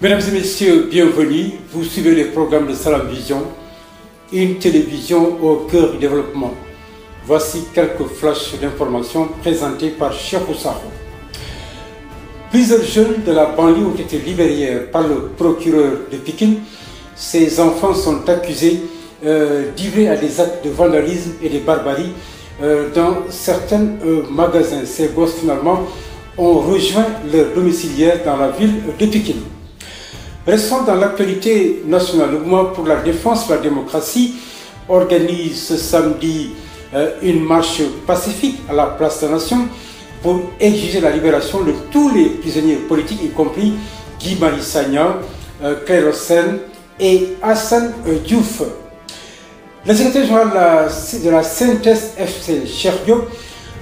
Mesdames et messieurs, bienvenue. Vous suivez le programme de Salam Vision, une télévision au cœur du développement. Voici quelques flashs d'informations présentées par Cheikh Oussaro. Plusieurs jeunes de la banlieue ont été libérés par le procureur de Pékin. Ces enfants sont accusés euh, d'ivrer à des actes de vandalisme et de barbarie euh, dans certains euh, magasins. Ces gosses, finalement, ont rejoint leur domiciliaire dans la ville de Pékin. Restant dans l'actualité nationale, le mouvement pour la défense de la démocratie organise ce samedi euh, une marche pacifique à la place de la nation pour exiger la libération de tous les prisonniers politiques, y compris Guy Marissagna, euh, Kairosen et Hassan euh, Diouf. la synthèse FC, Cherio,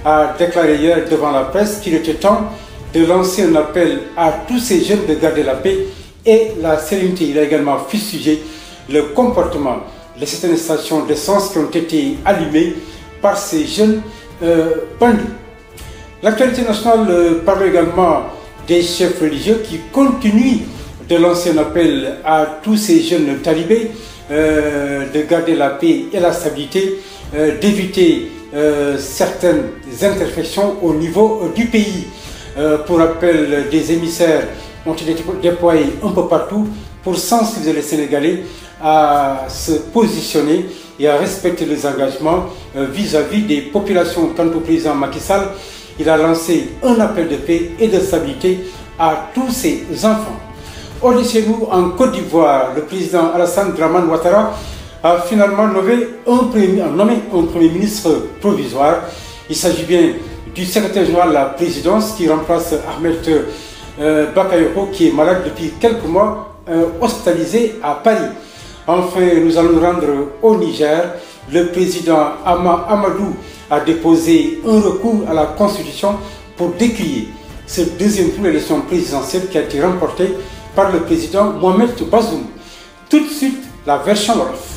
a déclaré hier devant la presse qu'il était temps de lancer un appel à tous ces jeunes de garder la paix et la sérénité. Il a également fustigé le comportement de certaines stations d'essence qui ont été allumées par ces jeunes euh, bandits. L'actualité nationale euh, parle également des chefs religieux qui continuent de lancer un appel à tous ces jeunes talibés euh, de garder la paix et la stabilité, euh, d'éviter euh, certaines imperfections au niveau euh, du pays. Euh, pour rappel, des émissaires ont été déployés un peu partout pour sensibiliser les Sénégalais à se positionner et à respecter les engagements euh, vis-à-vis des populations. Quant au président Macky il a lancé un appel de paix et de stabilité à tous ses enfants. Au chez en Côte d'Ivoire, le président Alassane Draman Ouattara a finalement nommé un premier, ministre provisoire. Il s'agit bien du secrétaire général la présidence qui remplace Ahmed Euh, Bakayoko, qui est malade depuis quelques mois, euh, hospitalisé à Paris. Enfin, nous allons rendre au Niger. Le président Ama Amadou a déposé un recours à la Constitution pour décrier cette deuxième tour d'élection présidentielle qui a été remportée par le président Mohamed Bazoum. Tout de suite, la version Wolof.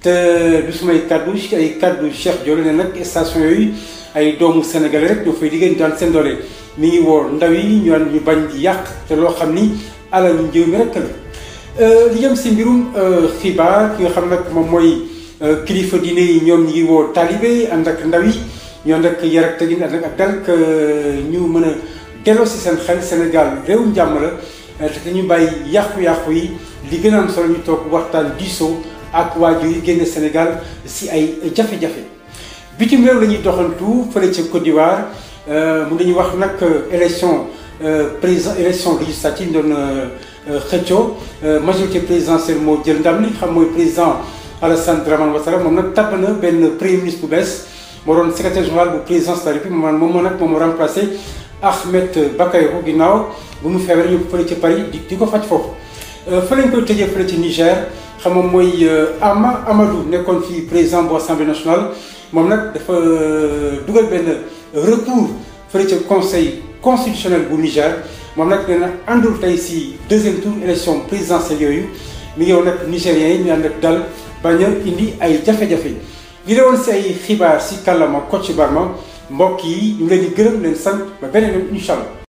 te du sumay kaddu ay kaddu Cheikh Dior ne nag station yooyu ay doomu sénégalais rek ñoo fay liggéey daan seen doole mi ngi woo ndaw yi ñoo daan ñu bañ di yàq te loo xam ni alal njëw mi rek euh, li jëm si mbirum euh, xibaar ki xam nag moom mooy euh, kilifa diine yi ñoom ñi ngi woo taalibe ànd ak ndaw yi ñu ànd ak yar ak tegin ànd ak dal ñu mën a delloo si seen xel Sénégal réewum jàmm la te ñu bàyyi yàqu-yàqu yi li gën a am solo ñu toog waxtaan diisoo. ak waajur yi génn Sénégal si ay jafe-jafe bitim réew la ñuy doxantu fële ca Côte d'Ivoire euh, mun nañu wax nag euh, élection euh, président élection législative doon xëccoo majorité présidentielle moo jël ndam li xam mooy président Alassane Dramane Ouattara moom nag tàbb na benn premier ministre bu bees moo doon secrétaire général bu présidence de la République moom moom moo nag moom remplacé Ahmed Bakayoko ginnaaw bu mu feebaree ñu fële ca Paris di ko faj foofu. Euh, fa lañ koy tëjee fële ci Niger xam nga mooy euh, Ama Amadou nekkoon fii président bu assemblée nationale moom nag dafa euh, dugal benn recours fële ca conseil constitutionnel bu Niger moom nag nee na àndul tey si deuxième tour élection présidentielle yooyu mi ngi woon nag nigériens yi ñu ànd ak dal bañ a indi ay jafe-jafe li la woon si ay xibaar si kàllaama Kocc Barma mbokk yi ñu ngi leen di gërëm leen sant ba beneen yoon incha allah